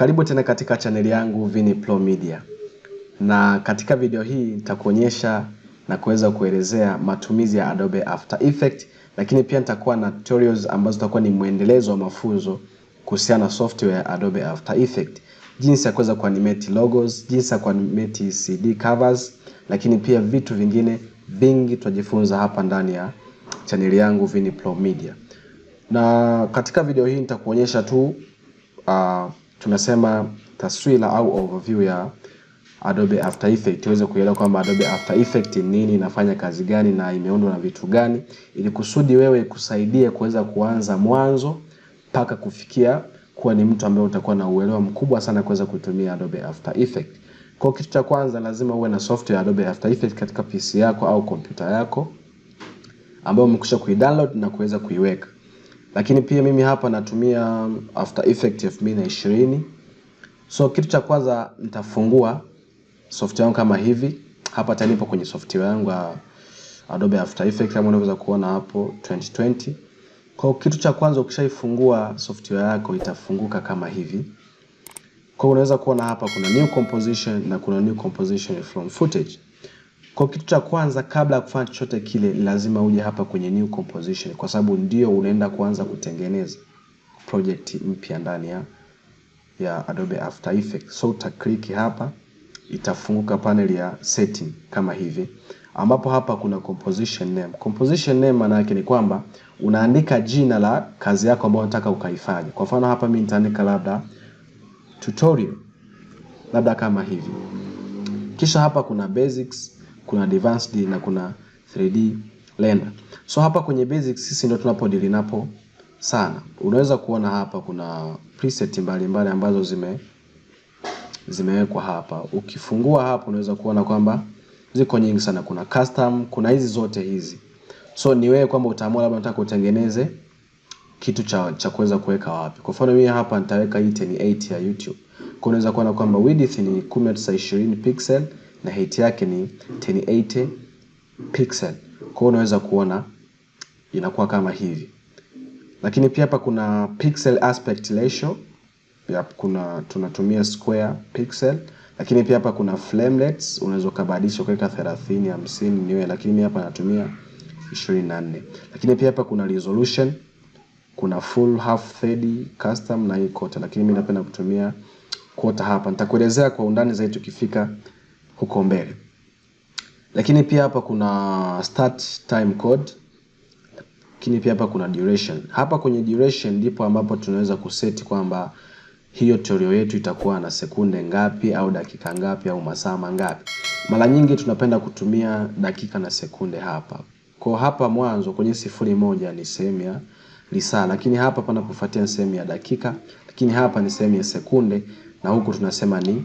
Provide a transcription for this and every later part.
Karibu tena katika chaneli yangu Vini Pro Media, na katika video hii nitakuonyesha na kuweza kuelezea matumizi ya Adobe After Effects, lakini pia nitakuwa na tutorials ambazo zitakuwa ni mwendelezo wa mafunzo kuhusiana na software ya Adobe After Effects, jinsi ya kuweza kuanimate logos, jinsi ya kuanimate CD covers, lakini pia vitu vingine vingi tutajifunza hapa ndani ya chaneli yangu Vini Pro Media. Na katika video hii nitakuonyesha tu uh, tunasema taswira au overview ya Adobe After Effects, iweze kuelewa kwamba Adobe After Effects ni nini, inafanya kazi gani na imeundwa na vitu gani, ili kusudi wewe kusaidia kuweza kuanza mwanzo mpaka kufikia kuwa ni mtu ambaye utakuwa na uelewa mkubwa sana kuweza kutumia Adobe After Effects. Kwa kitu cha kwanza lazima uwe na software Adobe After Effects katika PC yako au kompyuta yako ambayo umekwisha kuidownload na kuweza kuiweka lakini pia mimi hapa natumia After Effects elfu mbili na ishirini. So kitu cha kwanza nitafungua software yangu kama hivi hapa, tayari nipo kwenye software yangu ya Adobe After Effects kama unaweza kuona hapo 2020. Kwa kitu cha kwanza ukishaifungua software yako itafunguka kama hivi. Kwa unaweza kuona hapa kuna new composition na kuna new composition from footage. Kwa kitu cha kwanza kabla ya kufanya chochote kile lazima uje hapa kwenye new composition kwa sababu ndio unaenda kuanza kutengeneza project mpya ndani ya ya Adobe After Effects. So uta click hapa itafunguka panel ya setting kama hivi ambapo hapa kuna composition name. Composition name maana yake ni kwamba unaandika jina la kazi yako ambayo unataka ukaifanye. Kwa mfano hapa mimi nitaandika labda tutorial labda kama hivi. Kisha hapa kuna basics kuna advanced na kuna 3D render. So hapa kwenye basic sisi ndio tunapodili napo sana. Unaweza kuona hapa kuna preset mbalimbali mbali ambazo zime zimewekwa hapa. Ukifungua hapa unaweza kuona kwamba ziko nyingi sana, kuna custom, kuna hizi zote hizi. So ni wewe kwamba utaamua labda unataka utengeneze kitu cha cha kuweza kuweka wapi. Kwa mfano mimi hapa nitaweka hii 1080 ya YouTube. Kwa unaweza kuona kwamba width ni 1920 pixel na height yake ni 1080 pixel. Kwa hiyo unaweza kuona inakuwa kama hivi, lakini pia hapa kuna pixel aspect ratio ya kuna tunatumia square pixel, lakini pia hapa kuna frame rates, unaweza ukabadilisha kuweka 30 50 niwe, lakini mimi hapa natumia 24. Lakini pia hapa kuna resolution, kuna full, half, third, custom na hii quarter, lakini mimi napenda kutumia quarter hapa. Nitakuelezea kwa undani zaidi tukifika huko mbele. Lakini pia hapa kuna start time code, lakini pia hapa kuna duration. Hapa kwenye duration ndipo ambapo tunaweza kuseti kwamba hiyo tutorial yetu itakuwa na sekunde ngapi au dakika ngapi au masaa mangapi. Mara nyingi tunapenda kutumia dakika na sekunde hapa. Kwa hapa mwanzo kwenye sifuri moja ni sehemu ya lisaa, lakini hapa panapofuatia sehemu ya dakika, lakini hapa ni sehemu ya sekunde na huku tunasema ni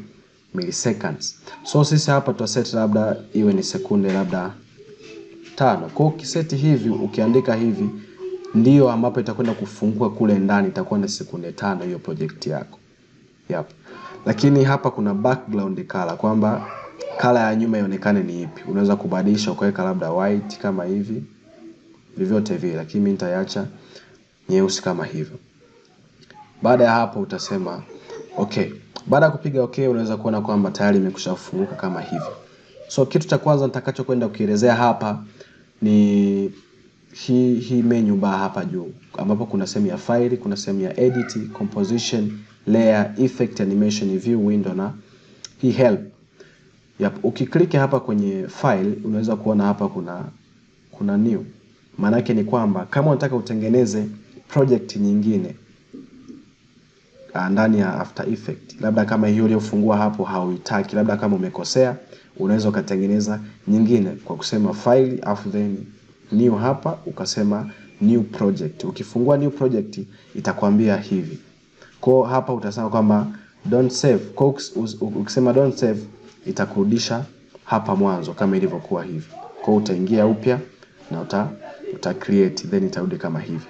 milliseconds. So sisi hapa set labda iwe ni sekunde labda tano. Kwa ukiseti hivi ukiandika hivi ndio ambapo itakwenda kufungua kule ndani, itakuwa na sekunde tano hiyo project yako. Yep. Lakini hapa kuna background color kwamba kala ya nyuma ionekane ni ipi. Unaweza kubadilisha ukaweka labda white kama hivi, vyovyote vile, lakini mimi nitaacha nyeusi kama hivyo. Baada ya hapo utasema okay, baada ya kupiga okay, unaweza kuona kwamba tayari imekushafunguka funguka kama hivi. So kitu cha kwanza nitakachokwenda kuelezea hapa ni hii hii menu bar hapa juu ambapo kuna sehemu ya file, kuna sehemu ya edit, composition, layer, effect, animation, view window na hii help. Yep, ukiklik hapa kwenye file unaweza kuona hapa kuna kuna new. Maana yake ni kwamba kama unataka utengeneze project nyingine uh, ndani ya After Effect. Labda kama hiyo uliyofungua hapo hauitaki, labda kama umekosea, unaweza ukatengeneza nyingine kwa kusema file afu then new hapa ukasema new project. Ukifungua new project itakwambia hivi. Kwa hapa utasema kwamba don't save. Kwa ukisema don't save itakurudisha hapa mwanzo kama ilivyokuwa hivi. Kwa utaingia upya na uta uta create then itarudi kama hivi.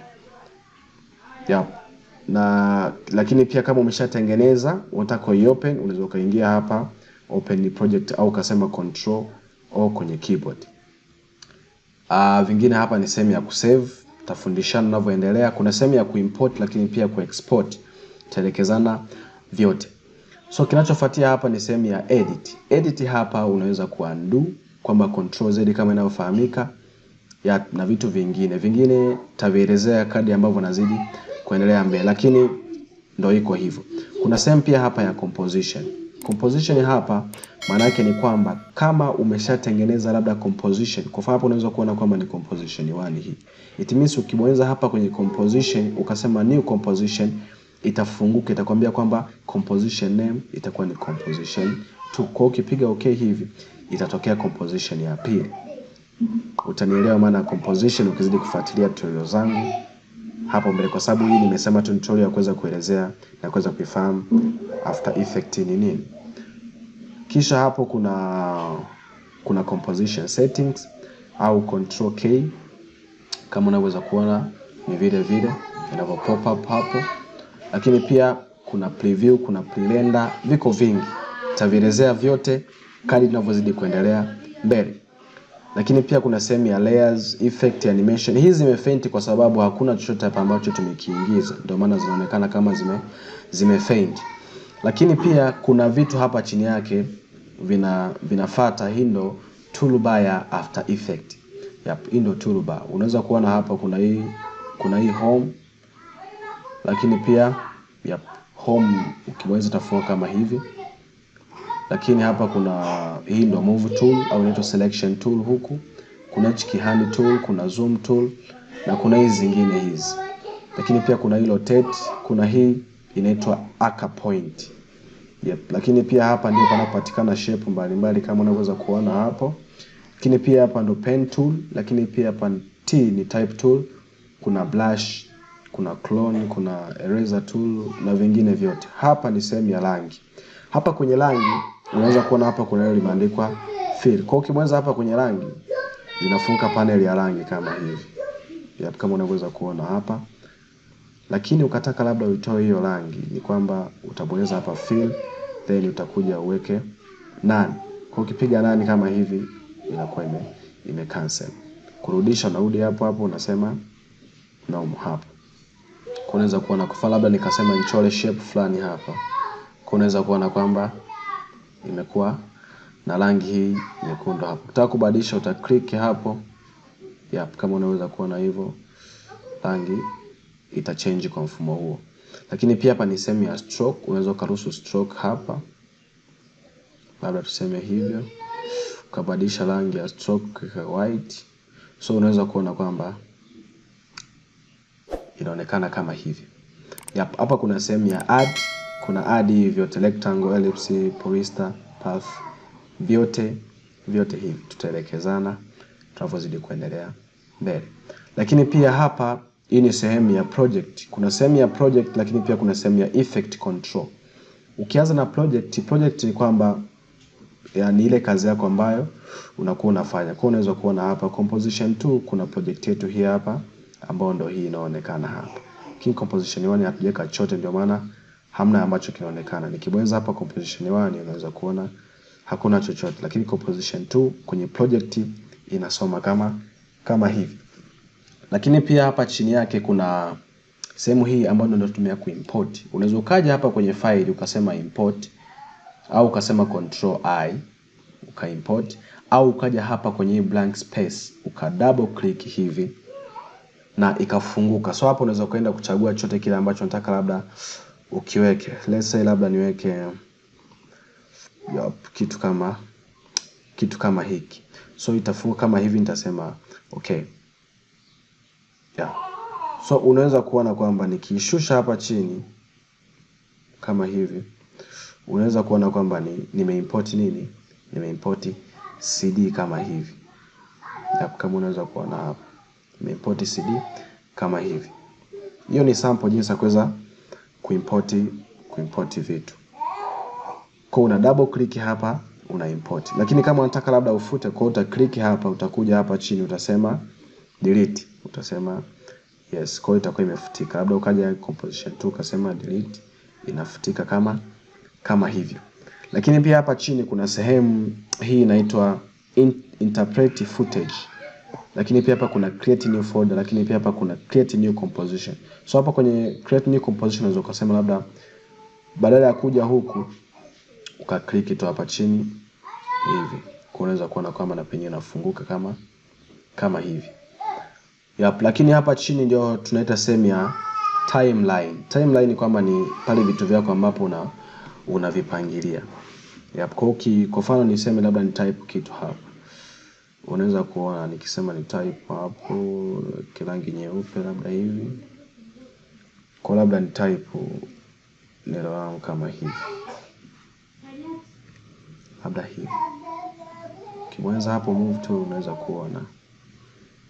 Yep na lakini pia kama umeshatengeneza unataka open, unaweza ukaingia hapa open project au ukasema control o kwenye keyboard. Uh, vingine hapa ni sehemu ya kusave, tafundishana unavyoendelea. Kuna sehemu ya kuimport lakini pia kuexport, taelekezana vyote. So kinachofuatia hapa ni sehemu ya edit. Edit hapa unaweza kuundo kwamba control z kama inavyofahamika na vitu vingine vingine, tavielezea kadi ambavyo nazidi kuendelea mbele, lakini ndo iko hivyo. Kuna sehemu pia hapa ya composition. Composition hapa maana yake ni kwamba kama umeshatengeneza labda composition, kwa hapo unaweza kuona kwamba ni composition wani hii. It means ukibonyeza hapa kwenye composition ukasema new composition itafunguka, itakwambia kwamba composition name itakuwa ni composition 2. Kwa ukipiga okay hivi itatokea composition ya pili. Utanielewa maana composition ukizidi kufuatilia tutorial zangu hapo mbele, kwa sababu hii nimesema tu tutorial ya kuweza kuelezea na kuweza kuifahamu after effect ni nini. Kisha hapo kuna kuna composition settings au control K kama unavyoweza kuona ni vile vile inavyo pop up hapo, lakini pia kuna preview, kuna prerender, viko vingi, tavielezea vyote kadi tunavyozidi kuendelea mbele lakini pia kuna sehemu ya layers, effect, animation. Hizi zimefaint kwa sababu hakuna chochote hapa ambacho tumekiingiza, ndio maana zinaonekana kama zime zimefaint. Lakini pia kuna vitu hapa chini yake vina vinafata. Hii ndo toolbar ya After Effect. Yep, hii ndo toolbar. Unaweza kuona hapa kuna hii kuna hii home, lakini pia yep, home ukiweza tafua kama hivi lakini hapa kuna hii ndo move tool au inaitwa selection tool huku kuna chikihani tool kuna zoom tool na kuna hizi zingine hizi lakini pia kuna hii rotate kuna hii inaitwa anchor point yep. lakini pia hapa ndio panapatikana shape mbalimbali kama unavyoweza kuona hapo lakini pia hapa ndo pen tool lakini pia hapa T ni type tool kuna brush kuna clone kuna eraser tool na vingine vyote hapa ni sehemu ya rangi hapa kwenye rangi unaweza kuona hapa kuna ile limeandikwa fill. Kwa ukibonyeza hapa kwenye rangi zinafunguka panel ya rangi kama hivi. Ya kama unaweza kuona hapa. Lakini ukataka labda uitoe hiyo rangi, ni kwamba utabonyeza hapa fill, then utakuja uweke nani. Kwa ukipiga nani kama hivi inakuwa ime, ime cancel. Kurudisha naudi hapo hapo unasema naam hapo. Unaweza kuona kwa labda nikasema nichore shape fulani hapa. Kwa Unaweza kuona kwamba imekuwa na rangi hii nyekundu hapo. Ukitaka kubadilisha uta click hapo. Yep, kama unaweza kuona hivyo rangi ita change kwa mfumo huo. Lakini pia hapa ni sehemu ya stroke, unaweza ukaruhusu stroke hapa. Labda tuseme hivyo. Ukabadilisha rangi ya stroke kwa white. So unaweza kuona kwamba inaonekana kama hivi. Yep, hapa kuna sehemu ya add kuna adi vyote rectangle, ellipse, polista, path, vyote vyote hivi tutaelekezana tunavyozidi kuendelea mbele. Lakini pia hapa hii ni sehemu ya project. Kuna sehemu ya project lakini pia kuna sehemu ya effect control. Ukianza na project, project ni kwamba yani ile kazi yako ambayo unakuwa unafanya. Kwa unaweza kuona hapa composition 2 kuna project yetu hii hapa ambayo ndio hii inaonekana hapa. King composition 1 hatujaweka chochote ndio maana hamna ambacho kinaonekana. Nikibonyeza hapa composition 1 unaweza kuona hakuna chochote, lakini composition 2 kwenye project inasoma kama kama hivi. Lakini pia hapa chini yake kuna sehemu hii ambayo ndio tunatumia kuimport. Unaweza ukaja hapa kwenye file ukasema import au ukasema control i ukaimport au ukaja hapa kwenye blank space uka double click hivi na ikafunguka. So hapo unaweza kuenda kuchagua chote kile ambacho nataka labda ukiweke let's say labda niweke yop, kitu kama kitu kama hiki so itafunguka kama hivi nitasema okay yeah. so unaweza kuona kwamba nikiishusha hapa chini kama hivi unaweza kuona kwamba ni, nimeimport nini nimeimport cd kama hivi yep, kama unaweza kuona hapa nimeimport cd kama hivi hiyo ni sample jinsi ya kuweza kuimporti kuimporti vitu. Kwa una double click hapa una import. Lakini kama unataka labda ufute, kwa uta click hapa, utakuja hapa chini utasema delete, utasema yes, kwa itakuwa imefutika. Labda ukaja composition tu ukasema delete, inafutika kama kama hivyo. Lakini pia hapa chini kuna sehemu hii inaitwa in, interpret footage lakini pia hapa kuna create new folder, lakini pia hapa kuna create new composition. So hapa kwenye create new composition unaweza ukasema labda badala ya kuja huku uka click tu hapa chini hivi, kwa unaweza kuona kama na penye nafunguka kama kama hivi yep. Lakini hapa chini ndio tunaita sehemu ya timeline. Timeline kwamba ni pale vitu vyako ambapo una unavipangilia yep. Kwa kwa mfano niseme labda ni type kitu hapa unaweza kuona nikisema ni type hapo kirangi nyeupe labda hivi kwa labda ni type neno langu kama hivi labda hivi ukibonyeza hapo move tu unaweza kuona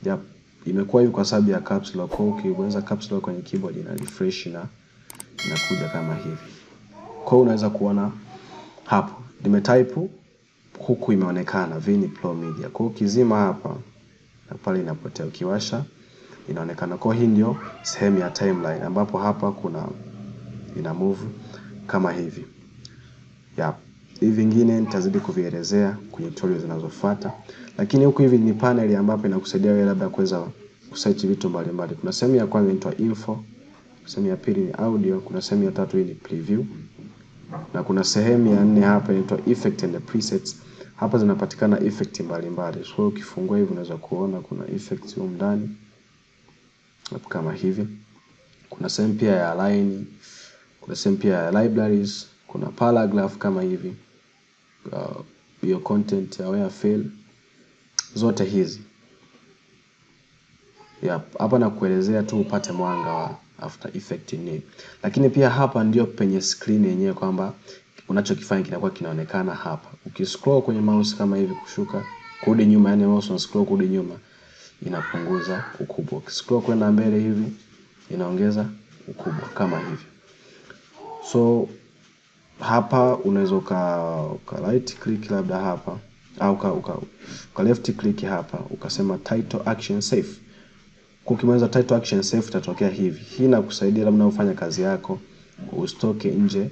yep. imekuwa hivi kwa sababu ya caps lock ukibonyeza caps lock kwenye keyboard ina refresh na inakuja kama hivi kwa unaweza kuona hapo nimetype huku imeonekana Vini Pro Media. Kwa ukizima hapa na pale inapotea, ukiwasha inaonekana. Kwa hii ndio sehemu ya timeline ambapo hapa kuna ina move kama hivi. Ya. Hivi vingine nitazidi kuvielezea kwenye tutorial zinazofuata. Lakini huku hivi ni panel ambapo inakusaidia wewe labda kuweza kusearch vitu mbalimbali. Kuna sehemu ya kwanza inaitwa info, sehemu ya pili ni audio, kuna sehemu ya tatu hii ni preview na kuna sehemu ya nne hapa inaitwa effect and the presets hapa zinapatikana effect mbalimbali. So ukifungua hivi unaweza kuona kuna effects huko ndani kama hivi. Kuna sehemu pia ya align, kuna sehemu pia ya libraries, kuna paragraph kama hivi. Uh, your content aware fail zote hizi Yep, hapa kuelezea tu upate mwanga wa After effect ni. Lakini pia hapa ndio penye screen yenyewe kwamba unachokifanya kinakuwa kinaonekana hapa. Ukiscroll kwenye mouse kama hivi kushuka kurudi nyuma, yani mouse una scroll kurudi nyuma inapunguza ukubwa. Ukiscroll kwenda mbele hivi inaongeza ukubwa kama hivi. So hapa unaweza uka, uka right click labda hapa au uka, uka, uka left click hapa ukasema title action safe. Ukimaliza title action safe itatokea hivi. Hii inakusaidia labda unafanya kazi yako usitoke nje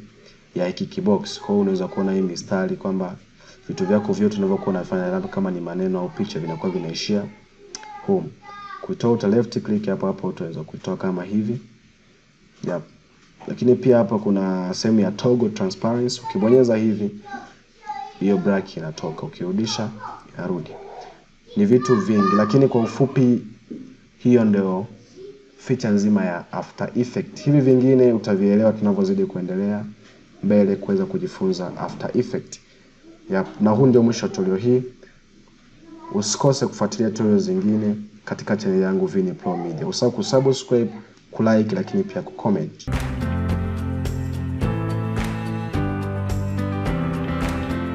ya hiki kibox. Kwa hiyo unaweza kuona hii mistari kwamba vitu vyako vyote unavyokuwa unafanya labda kama ni maneno au picha vinakuwa vinaishia home. Kuitoa uta left click hapo hapo utaweza kuitoa kama hivi. Yep. Lakini pia hapa kuna sehemu ya toggle transparency. Ukibonyeza hivi hiyo black inatoka, ukirudisha inarudi. Ni vitu vingi, lakini kwa ufupi hiyo ndio feature nzima ya After Effect. Hivi vingine utavielewa tunavyozidi kuendelea mbele kuweza kujifunza After Effect. Yep. Na huu ndio mwisho wa tutorial hii. Usikose kufuatilia tutorial zingine katika channel yangu Vini Pro Media. Usahau kusubscribe, kulike lakini pia kucomment.